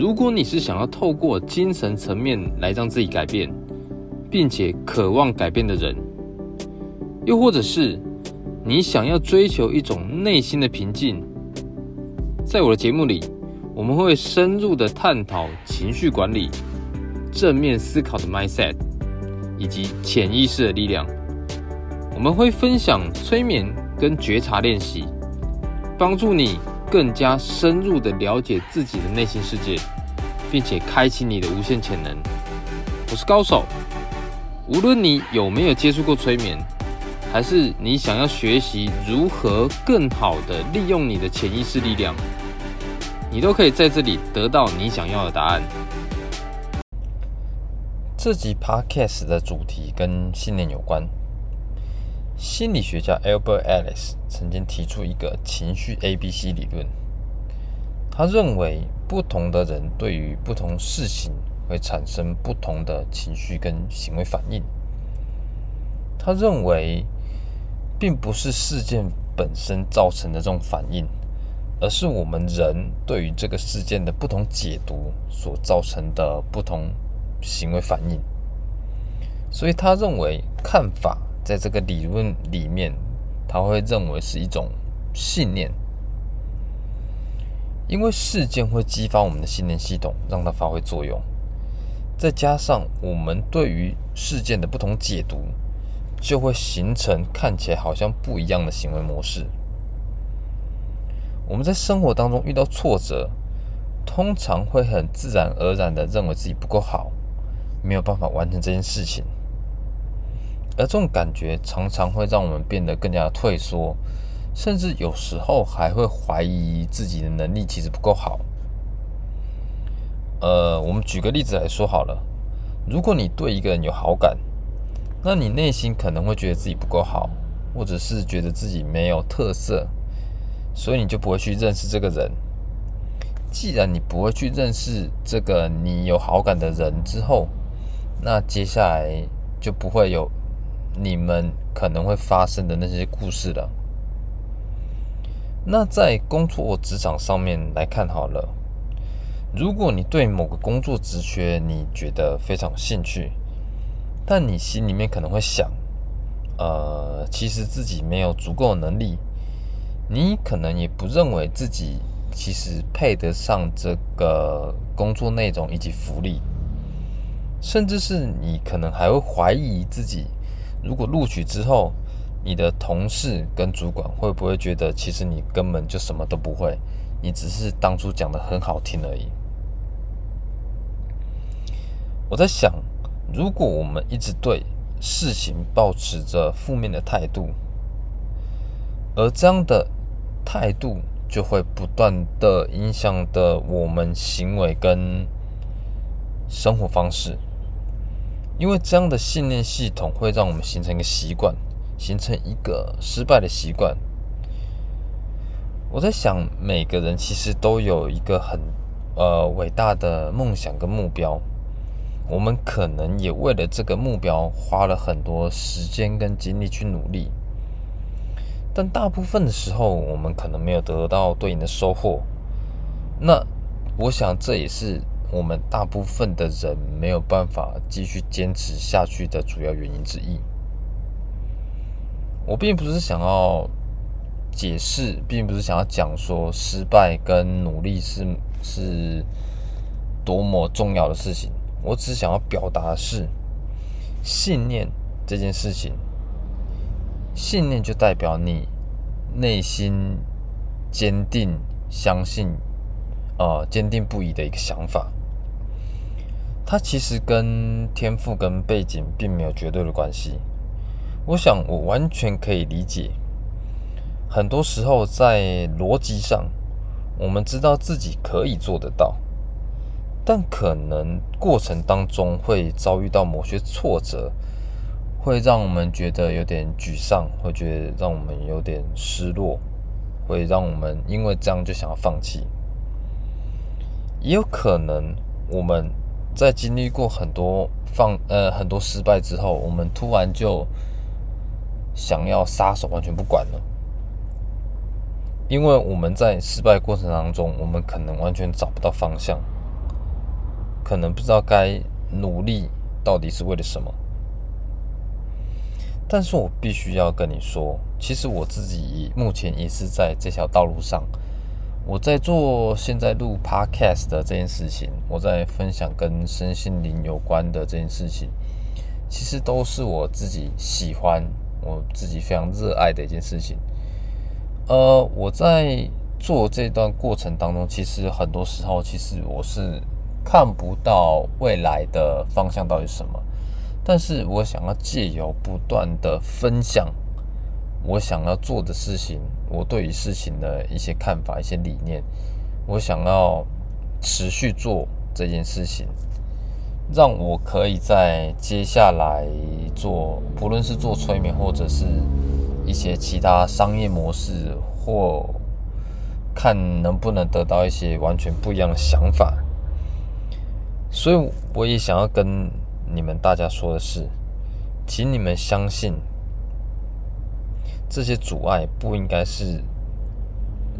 如果你是想要透過精神層面來讓自己改變，並且渴望改變的人，又或者是你想要追求一種內心的平靜，在我的節目裡，我們會深入的探討情緒管理、正面思考的 mindset 以及潛意識的力量。我們會分享催眠跟覺察練習，幫助你。更加深入地了解自己的內心世界，並且開啟你的無限潛能。我是高手，無論你有沒有接觸過催眠，還是你想要學習如何更好地利用你的潛意識力量，你都可以在這裡得到你想要的答案。這集 Podcast 的主題跟信念有關。心理學家 Albert Ellis 曾經提出一個情緒 ABC 理論。他認為，不同的人對於不同事情會產生不同的情緒跟行為反應。他認為，並不是事件本身造成的這種反應，而是我們人對於這個事件的不同解讀所造成的不同行為反應。所以，他認為看法。在這個理論裡面，他會認為是一種信念，因為事件會激發我們的信念系統，讓它發揮作用。再加上我們對於事件的不同解讀，就會形成看起來好像不一樣的行為模式。我們在生活當中遇到挫折，通常會很自然而然地認為自己不夠好，沒有辦法完成這件事情。而這種感覺常常會讓我們變得更加的退縮，甚至有時候還會懷疑自己的能力其實不夠好。呃，我們舉個例子來說好了，如果你對一個人有好感，那你內心可能會覺得自己不夠好，或者是覺得自己沒有特色，所以你就不會去認識這個人。既然你不會去認識這個你有好感的人之後，那接下來就不會有。你們可能會發生的那些故事了。那在工作職場上面來看好了，如果你對某個工作職缺，你覺得非常興趣，但你心裡面可能會想，呃，其實自己沒有足夠能力，你可能也不認為自己其實配得上這個工作內容以及福利，甚至是你可能還會懷疑自己。如果錄取之後，你的同事跟主管會不會覺得，其實你根本就什麼都不會，你只是當初講得很好聽而已？我在想，如果我們一直對事情抱持着負面的態度，而這樣的態度就會不斷的影響的我們行為跟生活方式。因為這樣的信念系統會讓我們形成一個習慣，形成一個失敗的習慣。我在想，每個人其實都有一個很呃偉大的夢想跟目標，我們可能也為了這個目標花了很多時間跟精力去努力，但大部分的時候，我們可能沒有得到對應的收穫。那我想這也是。我們大部分的人沒有辦法繼續堅持下去的主要原因之一。我並不是想要解釋，並不是想要講說失敗跟努力是是多麼重要的事情。我只想要表達的是信念這件事情。信念就代表你內心堅定相信，啊、呃、堅定不移的一個想法。它其實跟天賦、跟背景並沒有絕對的關係。我想，我完全可以理解。很多時候，在邏輯上，我們知道自己可以做得到，但可能過程當中會遭遇到某些挫折，會讓我們覺得有點沮喪，會覺得讓我們有點失落，會讓我們因為這樣就想要放棄。也有可能我們。在經歷過很多放，呃，很多失敗之後，我們突然就想要撒手完全不管了，因為我們在失敗過程當中，我們可能完全找不到方向，可能不知道該努力到底是為了什麼。但是我必須要跟你說，其實我自己目前也是在這條道路上。我在做現在錄 Podcast 的這件事情，我在分享跟身心靈有關的這件事情，其實都是我自己喜歡、我自己非常熱愛的一件事情。呃，我在做這段過程當中，其實很多時候，其實我是看不到未來的方向到底是什麼，但是我想要借由不斷的分享。我想要做的事情，我對於事情的一些看法、一些理念，我想要持續做這件事情，讓我可以在接下來做，不論是做催眠或者是一些其他商業模式，或看能不能得到一些完全不一樣的想法。所以我也想要跟你們大家說的是，請你們相信。這些阻礙不應該是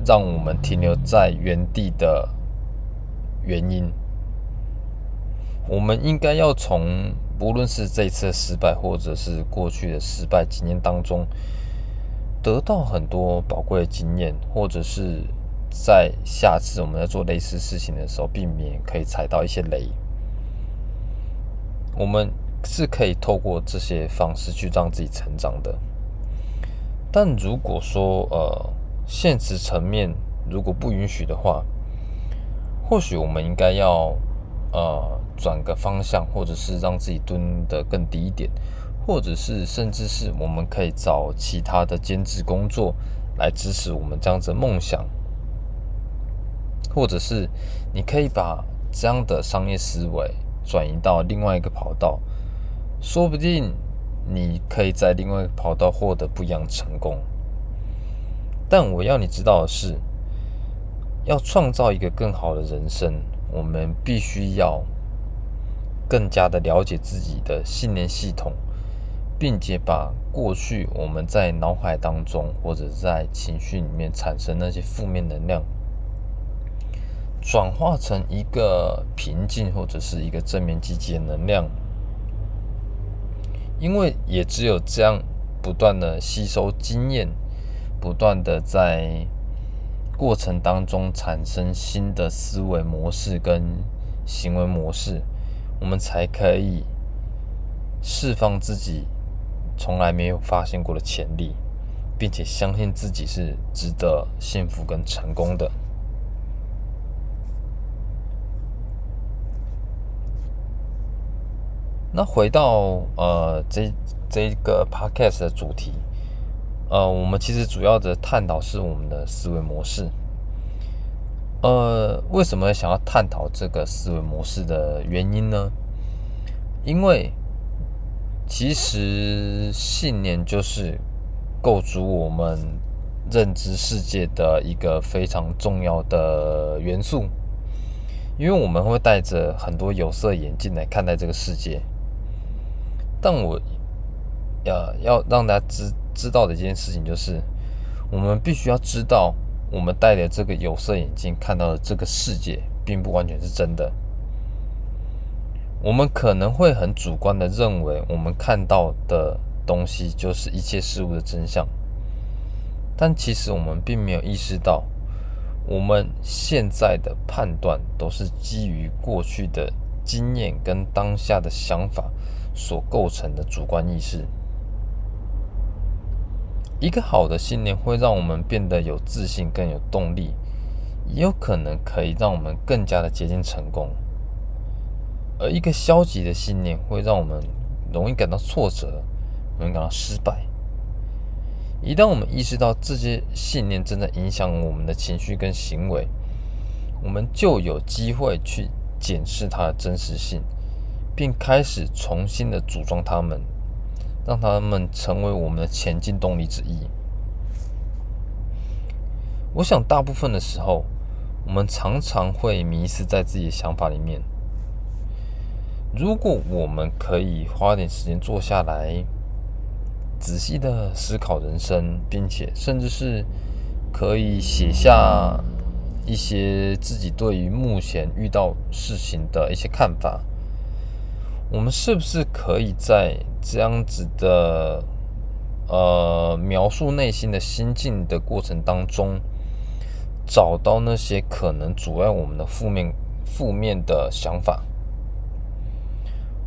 讓我們停留在原地的原因。我們應該要從不論是這次的失敗，或者是過去的失敗經驗當中，得到很多寶貴的經驗，或者是在下次我們在做類似事情的時候，避免可以踩到一些雷。我們是可以透過這些方式去讓自己成長的。但如果說呃現實層面，如果不允許的話，或許我們應該要呃轉個方向，或者是讓自己蹲得更低一點，或者是甚至是我們可以找其他的兼職工作來支持我們這樣子的夢想，或者是你可以把這樣的商業思維轉移到另外一個跑道，說不定。你可以在另外一個跑道獲得不一樣成功，但我要你知道的是，要創造一個更好的人生，我們必須要更加的了解自己的信念系統，並且把過去我們在腦海當中或者在情緒裡面產生那些負面能量，轉化成一個平靜或者是一個正面積極的能量。因為也只有這樣，不斷的吸收經驗，不斷的在過程當中產生新的思維模式跟行為模式，我們才可以釋放自己從來沒有發現過的潛力，並且相信自己是值得幸福跟成功的。那回到呃這這個 podcast 的主題，呃，我們其實主要的探討是我們的思維模式。呃，為什麼想要探討這個思維模式的原因呢？因為其實信念就是構築我們認知世界的一個非常重要的元素，因為我們會帶着很多有色眼鏡來看待這個世界。但我，要要讓大家知知道的一件事情就是，我們必須要知道，我們戴的這個有色眼鏡看到的這個世界，並不完全是真的。我們可能會很主觀的認為，我們看到的東西就是一切事物的真相，但其實我們並沒有意識到，我們現在的判斷都是基於過去的經驗跟當下的想法，所構成的主觀意識。一個好的信念會讓我們變得有自信、更有動力，也有可能可以讓我們更加的接近成功。而一個消極的信念會讓我們容易感到挫折，容易感到失敗。一旦我們意識到這些信念正在影響我們的情緒跟行為，我們就有機會去檢視它的真實性。並開始重新的組裝它們，讓它們成為我們的前進動力之一。我想，大部分的時候，我們常常會迷失在自己的想法裡面。如果我們可以花點時間坐下來，仔細的思考人生，並且，甚至是可以寫下一些自己對於目前遇到事情的一些看法。我們是不是可以在這樣子的，呃，描述內心的心境的過程當中，找到那些可能阻礙我們的負面負面的想法？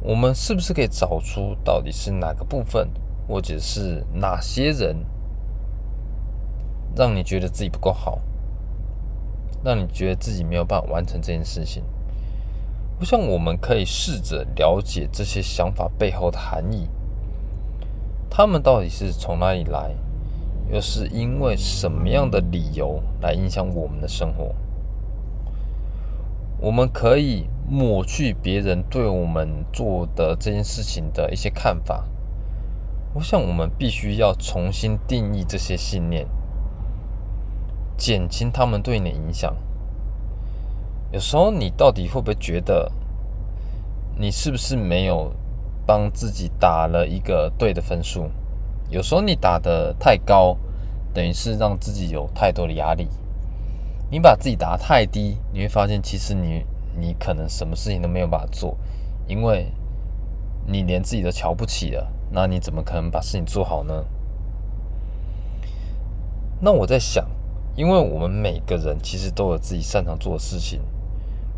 我們是不是可以找出到底是哪個部分，或者是哪些人，讓你覺得自己不夠好，讓你覺得自己沒有辦法完成這件事情？我想我們可以試着了解這些想法背後的含義，他們到底是從哪裡來，又是因為什麼樣的理由來影響我們的生活。我們可以抹去別人對我們做的這件事情的一些看法。我想我們必須要重新定義這些信念，減輕他們對你的影響。有時候你到底會不會覺得，你是不是沒有幫自己打了一個對的分數？有時候你打得太高，等於是讓自己有太多的壓力；你把自己打得太低，你會發現其實你你可能什麼事情都沒有辦法做，因為你連自己都瞧不起了，那你怎麼可能把事情做好呢？那我在想，因為我們每個人其實都有自己擅長做的事情。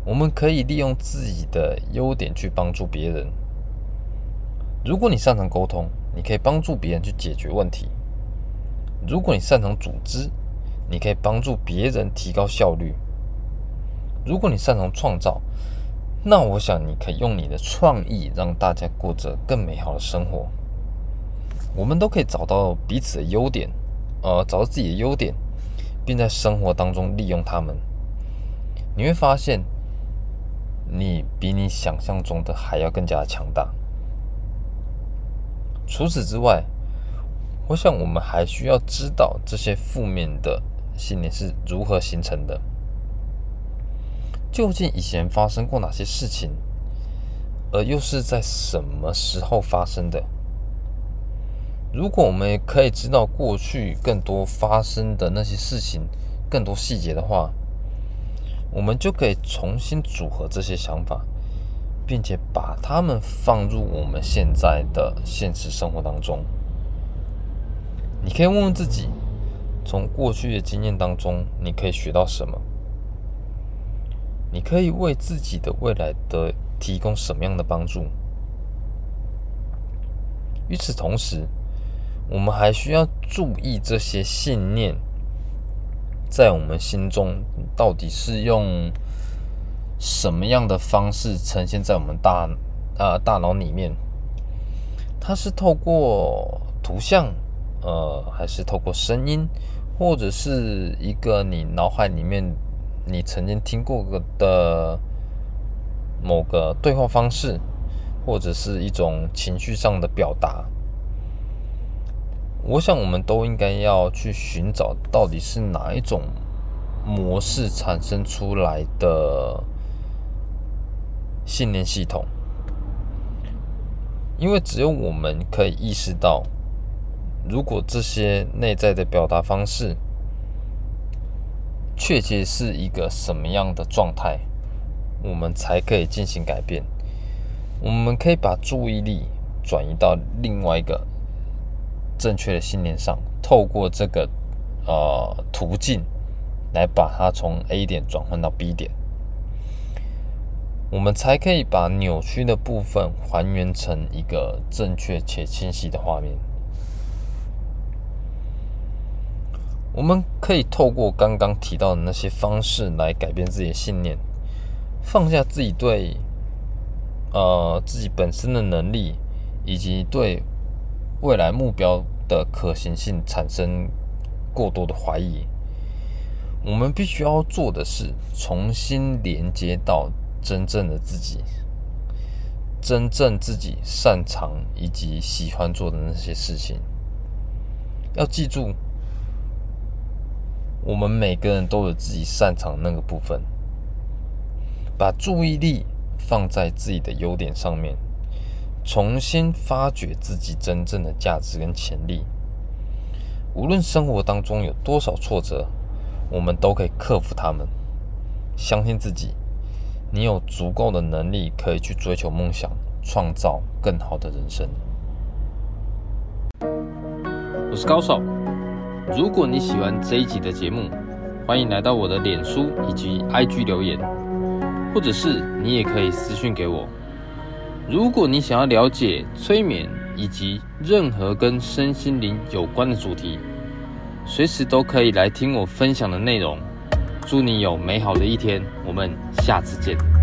我們可以利用自己的優點去幫助別人。如果你擅長溝通，你可以幫助別人去解決問題；如果你擅長組織，你可以幫助別人提高效率；如果你擅長創造，那我想你可以用你的創意讓大家過着更美好的生活。我們都可以找到彼此的優點，呃，找到自己的優點，並在生活當中利用它們。你會發現，你比你想象中的還要更加強大。除此之外，我想我們還需要知道這些負面的信念是如何形成的，究竟以前發生過哪些事情，而又是在什麼時候發生的？如果我們可以知道過去更多發生的那些事情，更多細節的話。我們就可以重新組合這些想法，並且把它們放入我們現在的現實生活當中。你可以問問自己，從過去的經驗當中，你可以學到什麼？你可以為自己的未來的提供什麼樣的幫助？與此同時，我們還需要注意這些信念。在我們心中，到底是用什麼樣的方式呈現在我們大啊、呃、大腦裡面？它是透過圖像，呃，還是透過聲音，或者是一個你腦海裡面你曾經聽過的某個對話方式，或者是一種情緒上的表達？我想，我們都應該要去尋找到底是哪一種模式產生出來的信念系統，因為只有我們可以意識到，如果這些內在的表達方式確切是一個什麼樣的狀態，我們才可以進行改變。我們可以把注意力轉移到另外一個。正確的信念上，透過這個呃途徑來把它從 A 點轉換到 B 點，我們才可以把扭曲的部分還原成一個正確且清晰的畫面。我們可以透過剛剛提到的那些方式來改變自己的信念，放下自己對呃自己本身的能力以及對。未來目標的可行性產生過多的懷疑，我們必須要做的是重新連接到真正的自己，真正自己擅長以及喜歡做的那些事情。要記住，我們每個人都有自己擅長的那個部分，把注意力放在自己的優點上面。重新發掘自己真正的價值跟潛力，無論生活當中有多少挫折，我們都可以克服它們。相信自己，你有足夠的能力可以去追求夢想，創造更好的人生。我是高手，如果你喜歡這一集的節目，歡迎來到我的臉書以及 IG 留言，或者是你也可以私訊給我。如果你想要了解催眠以及任何跟身心靈有關的主題，隨時都可以來聽我分享的內容。祝你有美好的一天，我們下次見。